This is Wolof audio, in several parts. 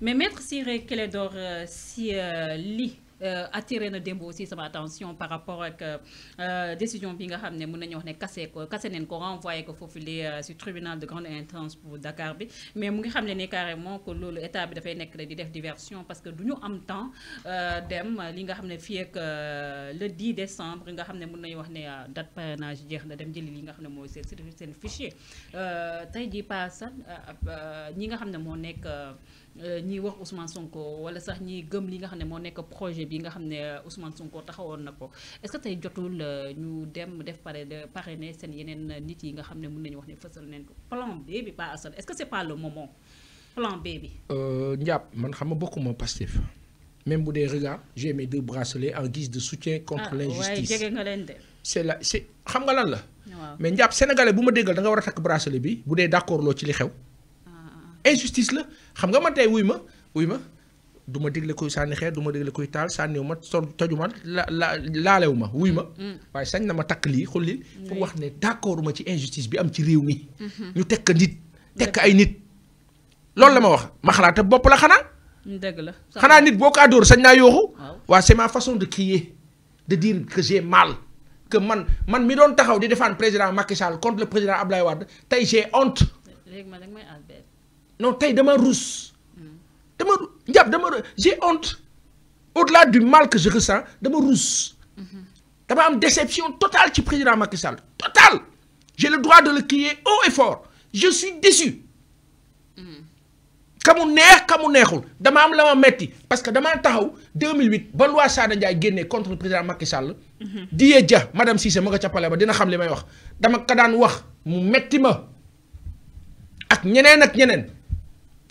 Mais Maître Siré Keledor, euh, si euh, lit euh, attiré na dembo aussi sama attention par rapport euh, décision bi nga xamné ne mën nañu wax né kase ko kase neen ko renvoyé ko fofu li euh, si tribunal de grande instance pour Dakar bi mais mu ngi xamné né carrément que loolu état bi fay nekk di def diversion parce que duñu am temps euh, dem li nga xamné fi ak le 10 décembre nga xamné ne mën nañu wax né date parrainage jeex na dem jël li nga xam ne mooy seen seen fichier ji jii paasan ñi nga xamné mo moo nekk ñiy wax Ousmane Sonko wala sax ñi gëm li nga xamné mo nekk projet bi nga xamné euh, Ousmane Sonko taxawoon nako est-ce tay jotul euh, ñu dem def pare de parrainer sen yenen nit yi nga xamné mën nañ wax ne fësal neen plan B bi pas asal est-ce que c'est pas le moment plan B bi. Euh, Ndiap man xam nga bokkuma Pastef même bou dee regard j'ai mes deux bracelets en guise de soutien contre ah, l'injustice waaye c'est la c'est xam nga lan la. mais Ndiap sénégalais buma déggal da nga wara tak bracelet bi bou dé d'accord lo ci li xew. Ah, ah, injustice la xam nga man tay wuy ma wuy ma duma ma digle kuy sànni xeer du ma digle kuy taal sànniwu ma so toju ma la la laalewu ma wuy ma. Mm. way sañ na ma tak li xullil. Mm. pour wax né d' ma ci injustice bi am ci réew mi. Mm-hmm. ñu tekk nit tek ay nit. loolu la ma wax ma xalaata bop la xana dëgg la xana nit boo adore sañ na yoxu wa c'est ma façon de crier de dire que j'ai mal. que man man mi doon taxaw di défendre président Macky Sall contre le président Abdoulaye Wade tay j'ai honte. ma dag may albert non tay dama rousse j'ai honte au-delà du mal que je ressens me rousse. Mhm. dama am déception totale du président Macky Sall Total j'ai le droit de le crier haut et fort je suis déçu Comme on nez, comme on nez dama am la ma metti parce que damaa taxaw 2008 ba loi Sada contre le président Macky Sall. Mhm. Dieye madame Cissé je nga cappale ba dina xam li may wax dama ka daan Je mu metti ma ak ñeneen ak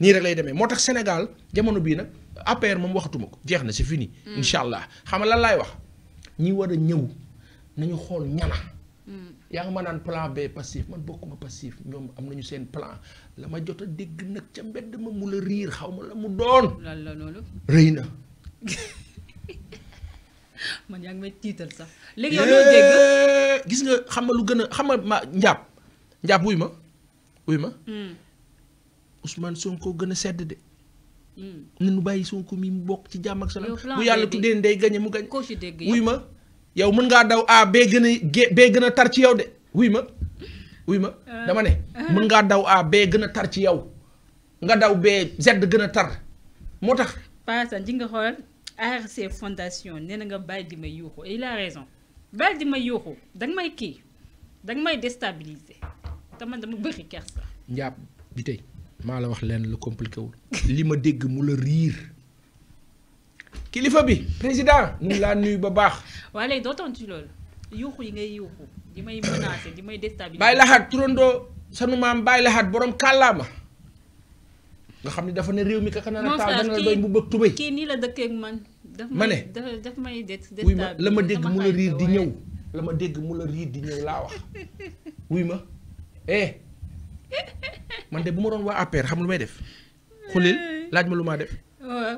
ni rek lay démé motax Sénégal jamono bi nak APR mom waxatuma ko jeex na fini. Hmm. inshallah allah xam lan lay wax ñi wara ñew nañu xol ñana. Hmm. ya nga manan plan B passif man bokuma passif ñom am nañu seen plan la jotta deg a dégg ca mbedd ma mu la riir xawma la mu doon. lan man yaa may tital sax. léegi yow deg gis nga xam lu gëna xam ma ndiap ndiap wuy ma wuy hmm. su man Ousmane Sonko gën a sedd de. Hmm. nañu bàyyi ko mi mu bokk ci jàmm ak salaam. bu yàlla ki tuddee day gañe mu gañ. wuy ma yow mën ngaa daw A bee gën a ge gën a tar ci yow de wuy ma. wuy ma euh, dama ne euh. mën ngaa daw A bee gën a tar ci yow nga daw bee Z gën a tar moo tax. Paasan ji nga xoolal ARC fondation nee na nga bàyyi di may yuuxu il a raison bàyyi di may yuuxu danga may kii danga may déstabiliser te man dama bëri kersa. njaab bi tey. maa la wax leen lu compliqué wul li ma dégg mu la riir kilifa bi président ñu laa nuyu ba baax. waa léegi ci loolu yuuxu yi ngay yuuxu di may menacé di may déstabiliser. bàyyi laxaat turandoo sanu maam bàyyi laxaat borom kàllaama nga xam ne dafa ne réew mi kaka na la taal dana la doy bu bëgg tubéy. kii nii la dëkkee man. daf may daf may déstabiliser ma la ma dégg mu la riir di ñëw. la ma dégg mu la riir di ñëw laa wax wuy ma eh. man de buma don wa aper xam lu may def xulil laaj ma lu ma def. waaw.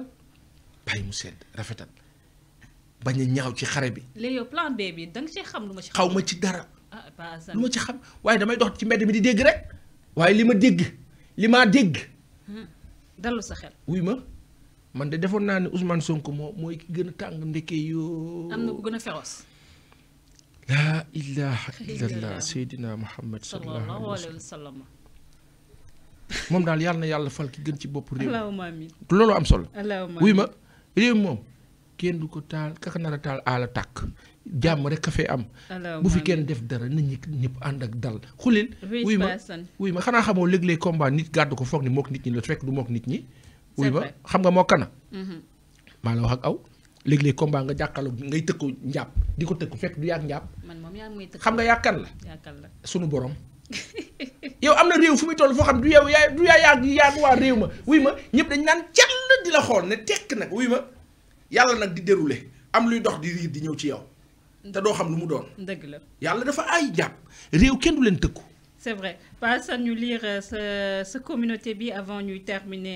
bàyyi mu sedd rafetal baña ñaaw ci xare bi. le yo plan B bi dang ci xam lu ma ci. xaw ma ci dara. lu ma ci xam waaye damay dox ci mbedd mi di dégg rek. waaye li ma dégg li maa dégg. dallu sa xel. wuy ma man de defoon naa ne Ousmane Sonko moo mooy ki gën a tàng ndeke yoo. am na ku gën a féroce. laa ilaha illallah Seydina Muhammad sallallahu alayhi wa sallam. mom dal yalla na yalla fal ki gën ci bopp réew mi lolu am solo wuy ma rew mom kenn du ko taal kaka na taal rek ka fay am bu fi kenn def dara nit ñi ñep and ak dal xulil wuy ma wuy ma xana xamoo leg leg combat nit gaddu ko fokk ni mok nit ñi la fekk du mok nit ñi wuy ma xam nga mo kana ma mm-hmm. la wax ak aw leg leg combat nga jàkkaarloo ngay tekk ñap di tekk fekk du yàgg tekk xam nga yakal la sunu borom yow amna rew fumuy toll fo xam du yow yaa du yaa yaa yaa du rew ma wuy ma ñep dañ nan jàll di la xool ne tek nak wuy ma yalla nak di déroulé am luy dox di di ñew ci yow. te do xam lu mu doon. deug la yalla dafa ay japp rew kenn du len tekk c'est vrai Pa Assane ñu lire euh, ce, sa communauté bi avant ñuy terminer.